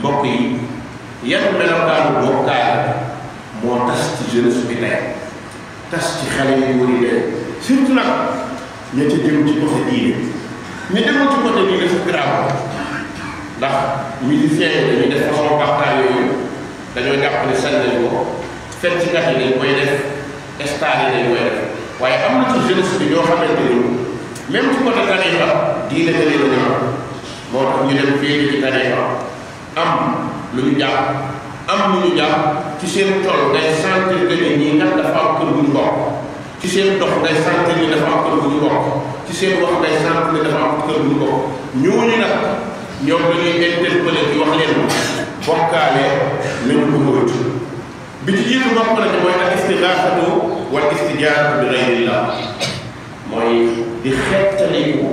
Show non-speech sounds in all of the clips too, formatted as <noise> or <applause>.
mbokk yi yan melokaanu bokkaale moo tas ci jeunesse bi tey tas ci xale yi wari dee surtout nag ña ca jëm ci côté diine ñu demoon ci côté diine sa grave ndax musiciens yi dañuy def façon waxtaan yooyu dañoo jàpp ne sañ nañ ko fenn ci kat yi dañ koy def stade yi dañ koy def waaye am na ci jeunesse bi ñoo xamante ni même ci côté tarixa diine dañuy la ñor moo tax ñu dem fii ci tarixa am lu ñu jàpp am lu ñu jàpp ci seen tool ngay sentir que ñii kat dafa am kër bu ñu bokk ci seen dox ngay sentir ni dafa am kër bu ñu bokk ci seen wax ngay sentir nag ñoom dañuy interpellé di wax leen bokkaale nañu ko moytu bi ci jiitu bokk na ci mooy al istigaathatu wal istijaabatu bi ghayrillah mooy di xettaliku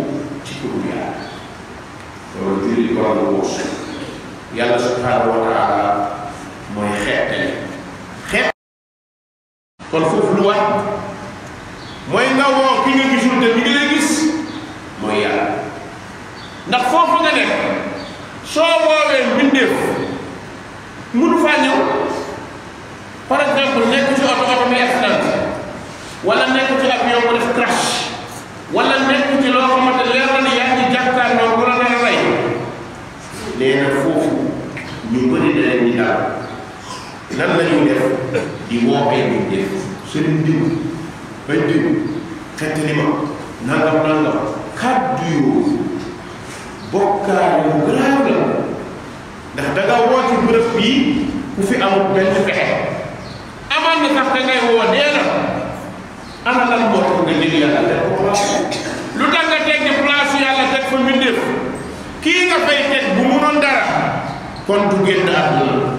ci turu yàlla yàlla subhaanahu wa taala mooy xeetali xeet kon foofu lu mooy nga woo ki nga gisul te mi ngi mooy yàlla ndax foofu nga nekk soo woowee mbindeef mënu faa ñëw par exemple nekk ci oto oto bi accident wala nekk ci avion bu def crash wala nekk ci loo xamante leer na ni yaa ngi jàkkaar ñoom bu la nar a rey nee na ñu bëri na leen di daal nan la ñuy def di woowee ñu def sëriñ diw bañ diw xettali ma nangam nangam kàddu yu bokkaar yu grave la ndax da nga woo ci bërëb bii ku fi amul benn pexe amaan na sax da ngay woo nee na ana lan moo tax nga jël yàlla teg ko lu tax nga teg di place yàlla teg fa mbindeef kii nga fay teg bu munoon dara kon du génn àdduna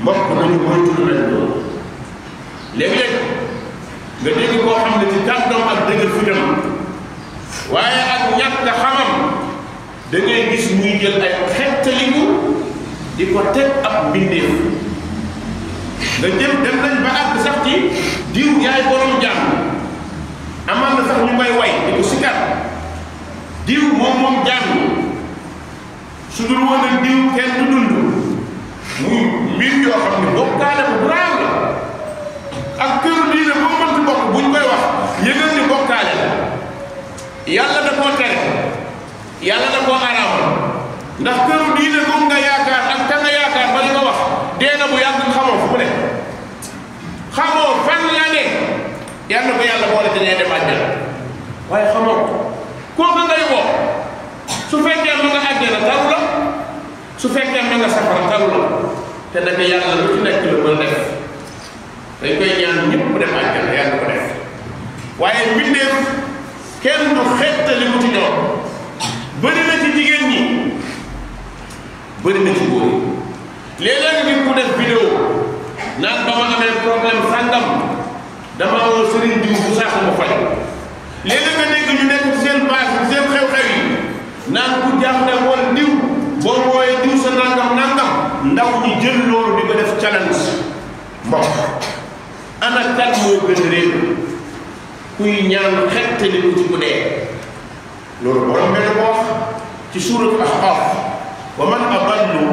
mbokk nañu moytu lu mel noonu léeg-léeg nga dégg koo xam ne ci kàddoom ak dëgër fitam waaye ak ñàkk a xamam da gis muy jël ay xettaliku di ko teg ab mbindeef nga jël dem nañ ba àgg sax ci diw yaay borom jàmm amaan na sax ñu may way di ko sikkat diw moom moom jàmm su dul woon ak diw kenn du yoo xam ne bokkaale bu grave la ak këru diine boo mënti bokk buñ koy wax yëgal ni bokkaale la yàlla da koo tere yàlla da koo araamal ndax këru diine ba wax dee na bu yàgg xamoo fu mu ne xamoo fan ne yal na ko yàlla boole te nee dem àjjana waaye xamoo ko kooku ngay su fekkee ma nga àjjana su fekke ma nga safara taru la te da nga yalla lu ci nekk la mën def dañ koy ñaan ñepp dem jël yalla ko def waye mbindeef kenn du li mu ci do bari na ci jigen ñi bari na ci boori yi léeg-léeg nit def vidéo naan ba ma problème sangam dama wo sëriñ diw bu saxu mu fay léeg nga nek ñu ci seen base seen xew-xew yi naan ku jàmm wol woon boo wooyee diw sa nangam nangam ndaw ñi jël loolu di ko def challenge mbokk ana kan moo gën réew kuy ñaan xettali ko ci mu dee loolu borom benn ko wax ci surat ahqaf wa man adallu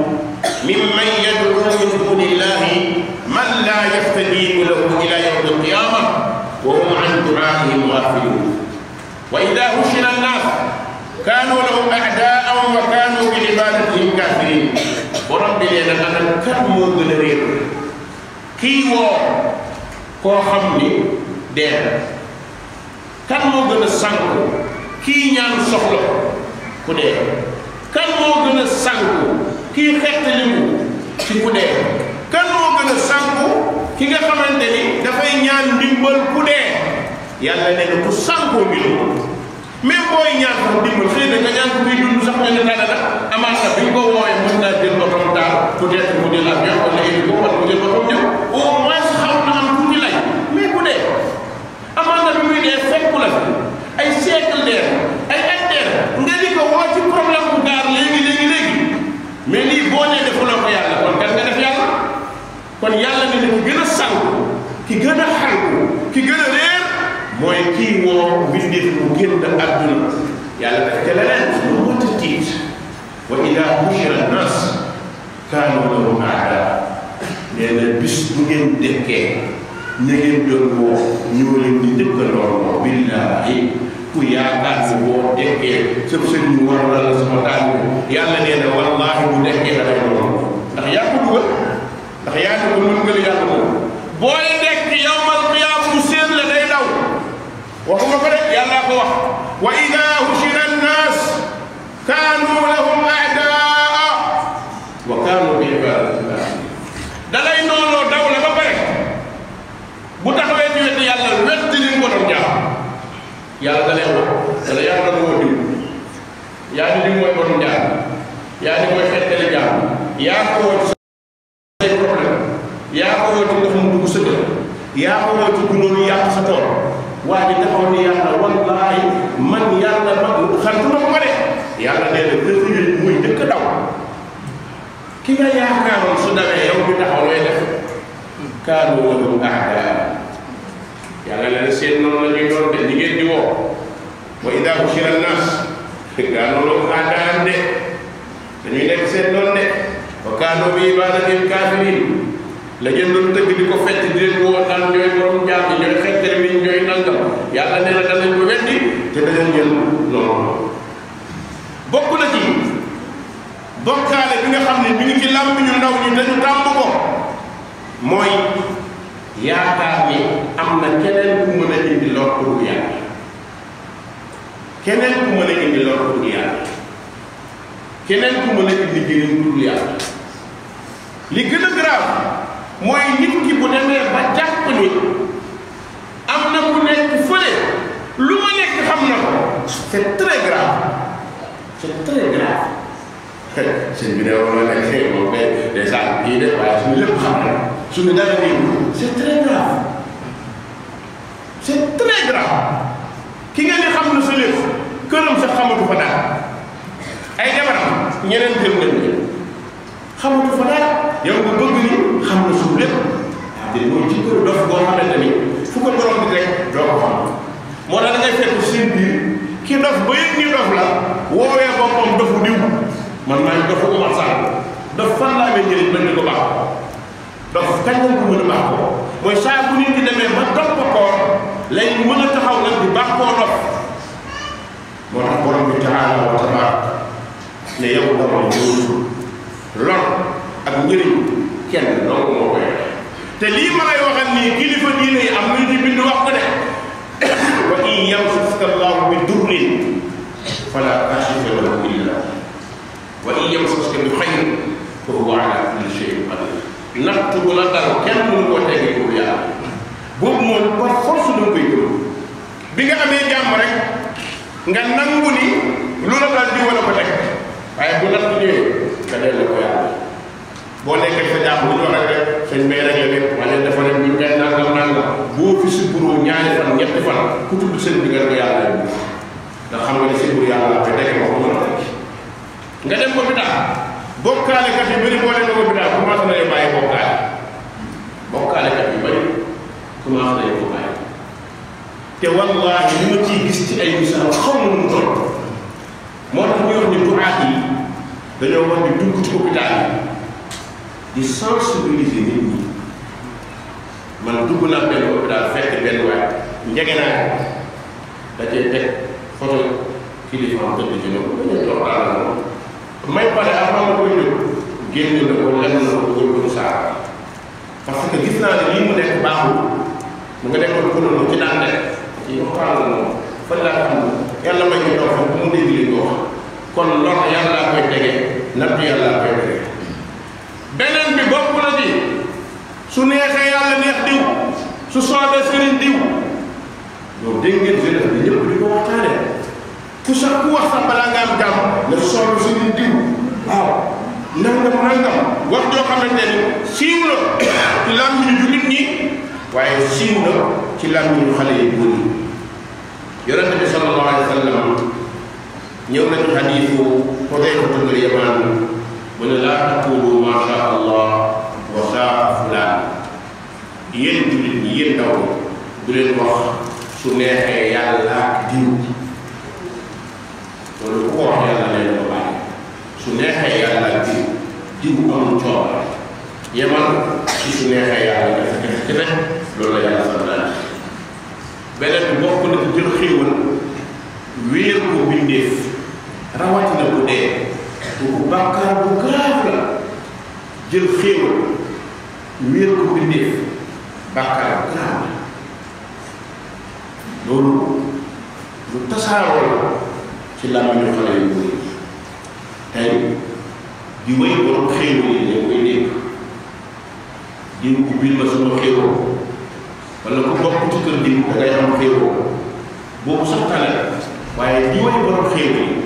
mimman yad'u min duni illahi man la yastajibu lahu ila yawm alqiyamah wa hum an du'aihim ghafilun wa idha hushira an-nas كانوا لهم أعداء وكانوا بعبادتهم كافرين ورب لي أنا أنا كم من رير كي و كوخمني دير كم من غن سانكو كي نيان سوخلو كودير كم من غن سانكو كي خيتليم كي كودير كم من غن سانكو كي غا خامتني دا فاي نيان ديمبل كودير يالا نينو كو سانكو ميلو même booy ñaan sax dimbal xëy na nga ñaan ko muy dund sax ñu ne dara la amaan na bi ñu ko woowee mën naa jël boppam daal peut être mu jël avion wala indi ko mu jël boppam jëm au moins xaw na am tuuti lay mais bu dee amaan na bi muy dee fekku la ay siècle leer ay hectares nga di ko woo ci problème bu gaar léegi léegi léegi mais lii boo nee defuloo ko yàlla kon kan nga def yàlla kon yàlla ne li gën a sànq ki gën a xànq kii moo bindeef mu génn àdduna yàlla dafa ca leneen lu mënta tiit wa ida bushira nas kaanu lahum aada nee na bis bu ngeen dekkee ña ngeen doon woo ñoo leen di dëkkandoo woo billahi ku yaakaar ni boo dekkee sëb sëñ ñu war la la sama tàng yàlla nee na wallahi bu dekkee da lay loolu ndax yaa ko dugal ndax yaa ko dugal yàlla moom boo leen yaa ko woo ci say problème yaa ko woo ci ndox mu dugg sa dëkk yaa ko woo ci gunóor yàq sa tool waa ji taxaw ni yàlla wallaahi man yàlla ma xantu na na gëstu muy dëkk daw ki nga yaakaaroon su dawee yow bi taxaw looy def kaanu wala mu aadaa na seen noonu la ñuy doon de di woo wa idaa bushira naas kaanu wala mu aadaa de dañuy nekk seen noonu wa kaanoo bi ibadatihim kaafiriin la ngeen doon tëgg di ko fecc di leen woo naan ñooy borom jaam yi ñooy xettali bi ñooy nangam yàlla nee na ko weddi te danañ ngeen noonu bokk na ci bokkaale bi nga xam ne ñu ngi ci làmmiñu ndaw ñi dañu tàmb ko mooy yaakaar ni am na keneen ku mën a indi lor pour yàlla keneen ku mën a indi keneen ku mën a indi njëriñ lu dul li gën a grave mooy nit ki bu demee ba jàpp ni am na ku nekk fële lu ma nekk xam na ko c'est très grave c'est très grave <laughs> sëñ bi ne waroon na nekk xëy moom mais déjà kii de waaye suñu xam na suñu dara nii c'est très grave c'est ki nga ne xam na sa lépp këram sax xamatu fa dara ñeneen gëm nañ ne xamatu fa dara yow nga bëgg ni xam na suuf lépp waaw dé mooy jikko dof boo xamante ni fu ko borom bi rek moo tax da ki dof ba yëg ni dof la woowee boppam dofu diw man maa ngi dofu Umar dof fan laa amee njëriñ mën ni ko baax dof kañ lañ ko mën a baax mooy saa bu nit ki demee ba dof ba koor lay mën a taxaw nag di baax koo dof moo tax borom bi taala wa tabaaraka ne yow dama juum lor ak njëriñ kenn donc moo koy te lii ma lay waxal nii kilifa diine yi am nañu ci bind wax ko de wa in yamsaska allahu bi durrin fala kaashifa lahu illa wa in yamsaska bi xayrin fa huwa ala kulli shay'in qadir la dal kenn mënu koo tegee ko yàlla boobu moom par force da koy gëm bi nga amee jàmm rek nga nangu ni lu la dal di wala ko teg waaye bu natt ñëwee nga dellu ko yàlla boo nekkee sa jàmm bu ñu waxee rek sëñ bay rek la nekk wala dafa ne ñu ngay nangam nangam boo fi sukkuroo ñaari fan ñetti fan ku tudd sëñ bi nga ko yàlla yi ndax xam nga ne sëñ bu yàlla te nekk ma ko mën a nga dem ko bi tax bokkaale kat yu bëri boo leen ko bi tax commencé nañu bàyyi bokkaale bokkaale kat yu bëri commencé nañu ko bàyyi te wallaahi li ma ciy gis ci ay misaal xaw ma nu mu toll moo tax ñu wax ni duaat yi dañoo war di dugg ci hôpital yi di sensibiliser nit ñi man dugg naa benn hôpital fekk benn waay njege naa da cee teg photo kilifa am tëdd ci noonu dañuy toog daal moom may pare avant ma koy ñëw génn na ko lem parce que gis naa ne nga nekkoon ko noonu ci daan def ci waxtaan moom fan laa xam yàlla may ñu toog fa bu mu dégg li ñu wax kon lor yàllaa koy tege nattu yàllaa koy tege beneen bi bokk su neexee yàlla neex diw su soobee sëriñ diw yow dégg ngeen jeunesse bi ñëpp di ko waxtaane ku sax ku wax sax balaa nga am jàmm ne soobee sëriñ diw waaw nangam nangam wax joo xamante ni siiw la ci làmmiñu jullit ñi waaye siiw la ci làmmiñu wa sallam ñëw nañ xadiisu xudayfatul al yamaan mu ne laa taqulu ma sha allah wa shaa fulaan yéen julit ñi yéen ndaw du leen wax su neexee yàlla ak diw loolu ku ko wax yàlla leen ko bàyyi su neexee yàlla ak diw diw amul coobare yemal ci su neexee yàlla dafa def ci rek loolu la yàlla sant naa beneen bi bokk na ci jël xéewal wéer ko bindeef rawatina bu dee bu bàkkaar bu grave la jël xéewal wéer ko bindéef bàkkaar bu grave loolu lu tasaaroo la ci làmmiñu xale yu bëri tey di wéy borom xéewal yi dañ koy dégg diw ubbil ma sama xéewal wala ku bokk ci kër diw da ngay am boobu sax tane waaye di wéy borom yi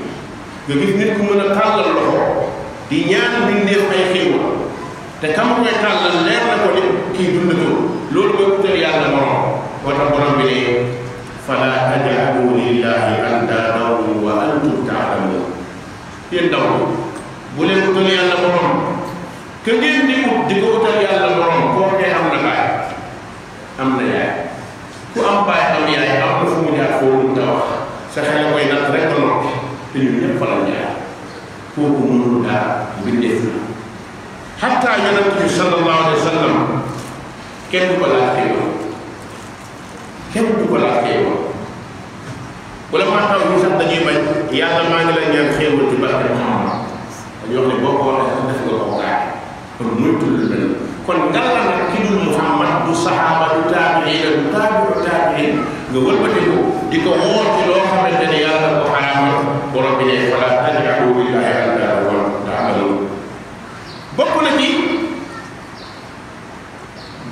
nga gis nit ku mën a tàllal loxo di ñaan bindeef ay xéewal te kam koy tàllal leer na ko ni kii dundatul loolu mooy utal yàlla morom moo tax borom bi ne fala taj'alu lillahi andaadan wa antum ta'lamuun yéen ndaw bu leen ngeen di ut di ko utal yàlla morom koo xee am na baay am na yaay ku am baay am yaay am na fu mu jaar foo mun ta wax sa xel falal jaay kooku mënul dara mbindeef la xataa yonent bi sallallahu alayhi wa sallam kenn du ko laajtee yoon kenn du ko laajtee yoon wala maa xam ñu sax dañuy bañ yàlla maa ngi lay ñaan xéewal ci barke Muhammad dañuy wax ne boo ko waxee def nga ko gaay kon muytul lu mel kon dara nag ki dul Muhammad du saxaaba du taabiin du taabiin du taabiin nga wëlbatiku di ko wóor ci loo xamante ne yàlla borom bi ne wala taj'alu lillahi andaa wa ta'maluun bokk na ci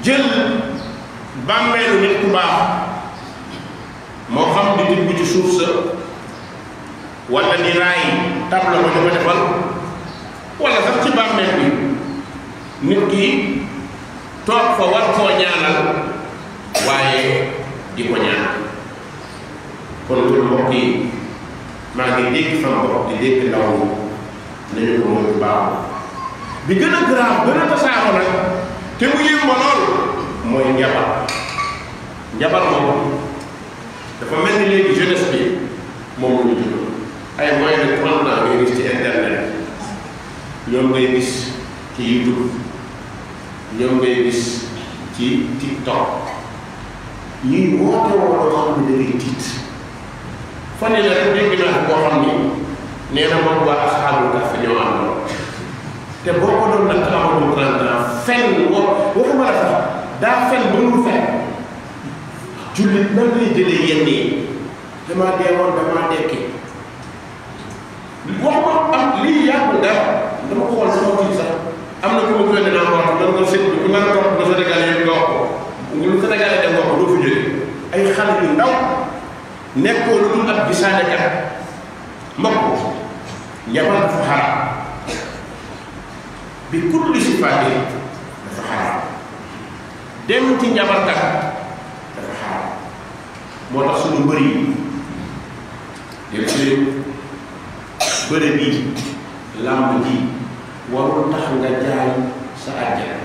jël bàmmeelu nit ku baax moo xam di tibb ci suuf sa wala di raay tabla ko dafa defal wala sax ci bàmmeel bi nit ki toog fa war koo ñaanal waaye di ko ñaan kon mbokk yi maa ngi dégg sama bopp di dégg ndaw ñi nañu ko mooy baaxul bi gën a grave gën a tasaaroo nag te mu yëg ma lool mooy njabar njabar moom dafa mel ni léegi jeunesse bi moom la ñu ay moyens de trente ans ngay gis ci internet ñoom ngay gis ci YouTube ñoom ngay gis ci TikTok ñuy woote woo loo xam ne da ngay tiit. fo ne la kubi bi la ko xam ni nee na moom waa asxaabu ka fi ñoo am te boo ko doon nag amul mu plan dana fen wo waxuma la sax daa fen ba mu fen jullit nan lay jëlee yenn yi dama dee woon dama dekki waxuma am lii yàgg dara dama xool sama kii sax am na ku ma koy dinaa wax dama ko sëñ bi ku naan topp ba Sénégal yëpp nga wax ko lu Sénégal def wax ko doo fi jëlee ay xale yu ndaw nekko lu dum ak bisana kat mbokk yabal dafa xaram bi kullu sifati dafa xaram dem ci njabar dafa xaram moo tax suñu mbëri yi dem ci leen bi lamb di waru tax nga jaay sa àjjana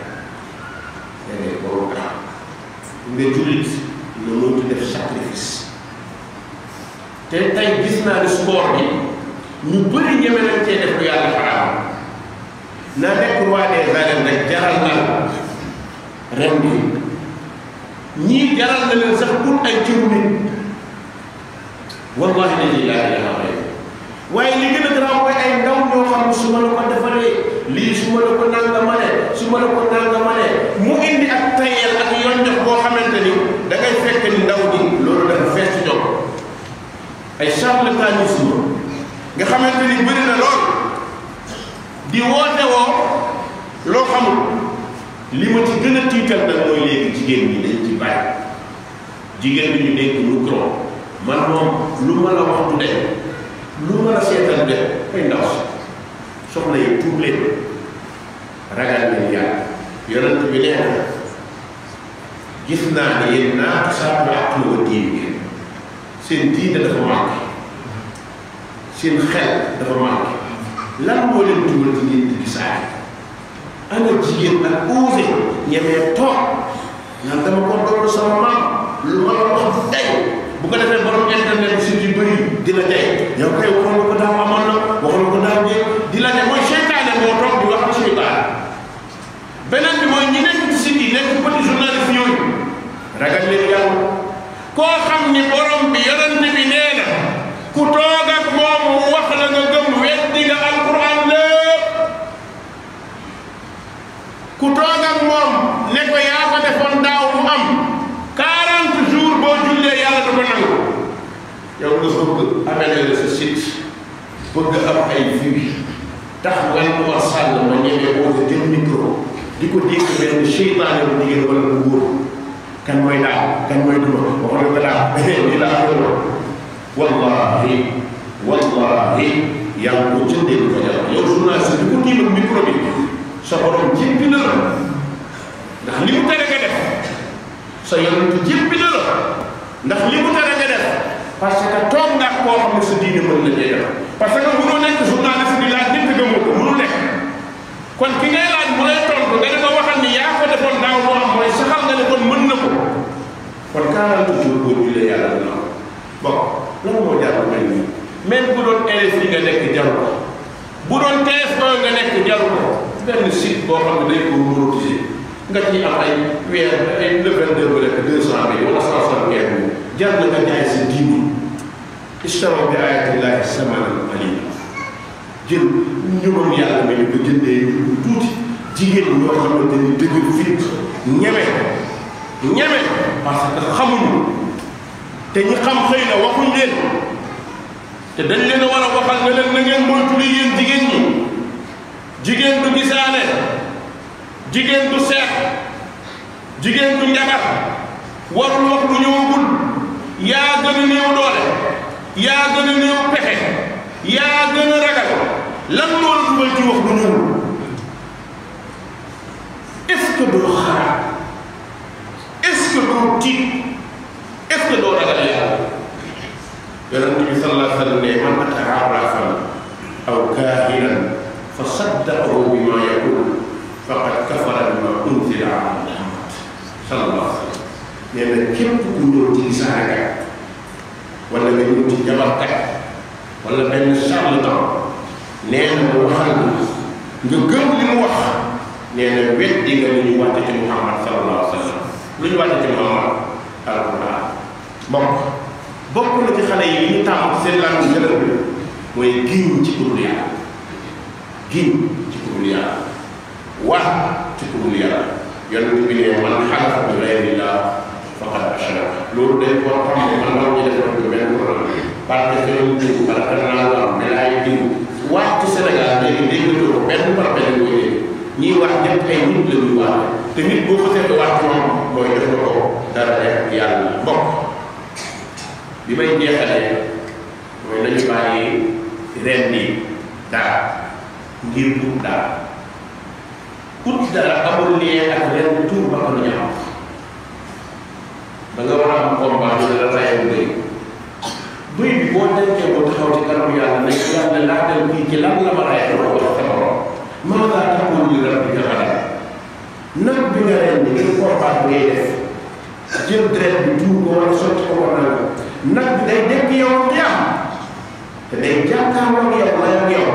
da ko warul tax nga julit nga mënti def sacrifice te tey gis naa ne sport bi ñu bëri ñeme nañ cee def lu yàlla xaraam na nekk roi jaral na ren bi jaral na leen sax ay ciru nit wallahi dañuy laa ilaha rek waaye li gën a garaaw mooy ay ndaw ñoo xam ne su ma la ko lii su ma ko naan la ma ne su ko naan la ma mécanisme nga xamante ni bëri na lool di woote woo loo xamul li ma ci gën a tiital nag mooy léegi jigéen ñi dañ ci bàyyi jigéen bi ñu dégg micro man moom lu ma la wax du def lu ma la seetal def ay ndaw si soxna yi tuub leen ragal leen yàlla yonent bi nee na gis naa ne naa saatu ak lu wa diin seen diine dafa manqué seen xel dafa manqué lan moo leen dugal ci ngeen di gisaay ana jigéen ak osé toog naan dama ko doon sama maam lu ma la wax tey bu ko defee borom internet bi i bëri di la tey yow kay waxoon nga ko daaw amoon na waxoon nga ko daaw jéeg di la ne mooy seytaane moo toog di wax suñu baal beneen bi mooy ñi nekk ci site yi nekk petit journaliste ñooñu ragal leen yàlla koo xam ni borom bi yonent bi nee na ku toog dégg alquran lépp ku toog ak moom ne ko yaa ko defoon daaw mu am 40 jours boo jullee yàlla du ko nangu yow nga bëgg améliorer sa site bëgg am ay vues tax wala mu war sàll ma ñemee woo jël micro di ko dégg benn seytaane bu jigéen wala bu góor kan mooy daal kan mooy duma waxoon na ko daal lii laa ko wallahi wallahi yang kucing di ko yalla yow journaliste bi ko timal micro bi sa borom jippi na la ndax li mu tere nga def sa yonent jippi na la ndax li mu tere nga def parce que toog nga koo xam ne sa diine mën na jëyal parce que mënoo nekk journaliste bi laaj nit gëmoo ko mënul même bu doon LSI nga nekk jaru ko bu doon TF1 nga nekk jaru benn site boo xam ne day ko monétiser nga ci am ay weer ay le vingt deux ba nekk deux cent mille wala cent cinquante mille jar na nga sa diimu ishtaraw bi ayatillahi samanan qalila jël ñëwam yàlla nga jëndee ñu tuuti jigéen ñoo xamante ni dëgër fit ñeme ñeme parce que xamuñu te ñi xam xëy na waxuñ leen te dañ leen a war a ne leen na ngeen moytu li yéen jigéen ñi jigéen du gisaane jigéen du seex jigéen du njagat warul wax lu ñëwagul yaa gën a néew doole yaa gën a néew yaa gën a ragal lan loolu dugal ci wax lu ñëwul est-ce que doo النعمة عرفا أو كاهلا فصدقه بما يقول فقد كفر بما أنزل على محمد صلى الله عليه وسلم لأن كم تكون تنساك ولا من تجمعك ولا بين الشرطة نعم وحده نقوم لنوح لأن بيت من وقت محمد صلى الله عليه وسلم من وقت محمد القرآن بمك bokk na ci xale yi ñu tàmm seen làkk yu gën mooy giñ ci kurul yàlla giñ ci kurul yàlla wax ci kurul yàlla yonent bi ne man xalafa bi gayri laa faqad ashraka loolu day war a xam ne man war ñu def ko benn problème parce que ñu dégg par naa war mais ay giñ wax ci Sénégal léegi dégg ko benn par benn ñuy wax ñëpp ay nit la ñuy wax te nit boo ko seetee wax moom mooy bi may jeexalee mooy nañu bàyyi ren ni dara ngir ut dara ut dara amul lien ak ren tuur ba ko lu ñaaw da nga war a am combat ñu la rayam bëy bëy bi boo denkee boo taxaw ci kanam yàlla nañ yàlla laajal kii ci lan la ma rayal loo ko sama borom maa ngaa taxaw ñu rab bi nga xaral nag bi nga ren ni ngir combat ngay def jël dret bi tuur ko wala sotti ko war naa ko Nak bi day nekk yow xiyaam te day jàkkaarloog yow la yow yow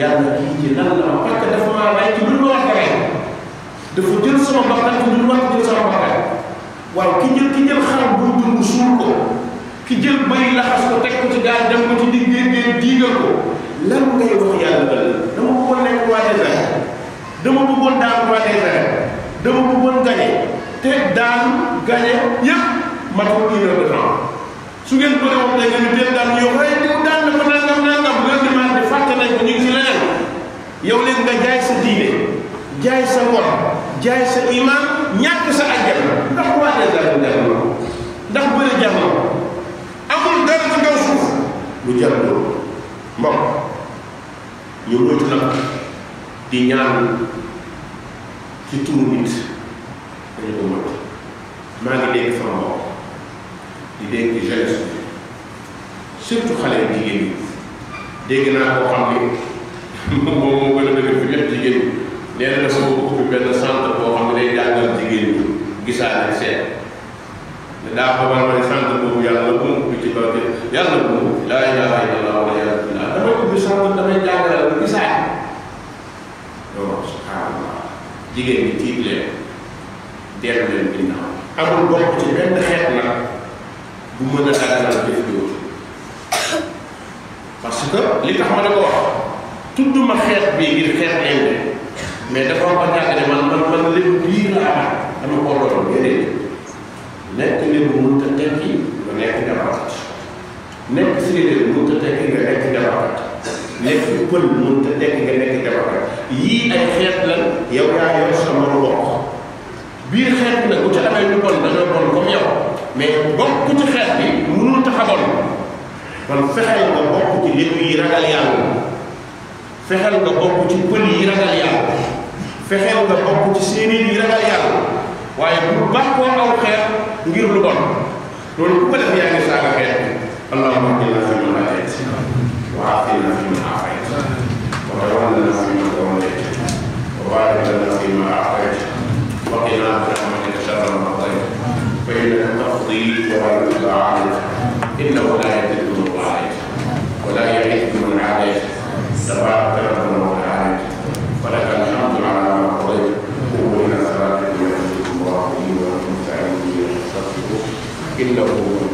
yàlla kii ci lan la ma fekk dafa maa rey ci lu ma wax rey dafa jël sama bakkan ci lu ma wax jël sama bakkan waaye ki jël ki jël xaram bu dund suul ko ki jël bay laxas ko teg ko ci gaal dem ko ci diggee dee diigal ko lan ngay wax yàlla ba dama bëggoon nekk waa des rek dama bëggoon daan waa des rek dama bëggoon gañe te daan gañe yépp ma ko une su ngeen ko wax tey nga ñu dégg daal yow waaye diw daal na ko nangam nangam rendement bi fàtte nañ ko ñu ngi ci yow léegi nga jaay sa diine jaay sa ngor jaay sa iman ñàkk sa àjjana ndax ndax bëri jàmm amul dara ci suuf lu jar loolu mbokk ñu wut nag di ñaan ci turu nit dañu ko mot maa ngi dégg sama mbokk. dénk jeunesse surtout xale jigéen ñi dégg naa koo xam ne <laughs> moom moo gën a dëgg fi ñëpp jigéen ñi nee na dafa bëgg ubbi benn centre boo xam ne day jàngal jigéen ñi gisaane seet ne daa ko war a ne centre yàlla bu mu ubbi ci barke yàlla bu mu laa ilaha illallah wala yàlla billah damay ubbi centre damay jàngale bu gisaane loolu subhanallah jigéen ñi tiit leen dellu leen ginnaaw amul bokk ci benn xeet nag bu mën a daganal jëf jooju parce que li tax ma ne ko wax tudduma xeet bii ngir xeet inde mais dafa am ba jàgg ne man man man lépp lii laa am dama ko loolu déedéet nekk nit bu mun ta tekki nga nekk njabootat nekk séeréer mun ta tekki nga nekk njabootat nekk pël mun ta yii ay xeet lan yow yaa yor sa mën a bokk biir xeet nag bu ca amee ñu bon dañoo bon comme yow mais bokk ci xeet bi mënul tax a bon kon fexeel nga bokk ci lébu yi ragal yàlla fexeel nga bokk ci pël yi ragal yàlla fexeel nga bokk ci séeréer yi ragal yàlla waaye bu baax koo aw xeet ngir lu bon loolu ku ko def yaa ngi saaga xeet اللهم اهدنا فيمن هديت وعافنا فيمن عافيت وتولنا فيمن توليت وبارك لنا فيما اعطيت وقنا برحمتك فإنها تقضي ولا عليه إنه لا يدل من رعايته ولا يعيث من عليه تبارك ربنا عارف ولك الحمد على ما قضيت وإن صلاتك يحفظكم الله ومن سعيد يستغفرك إنه هو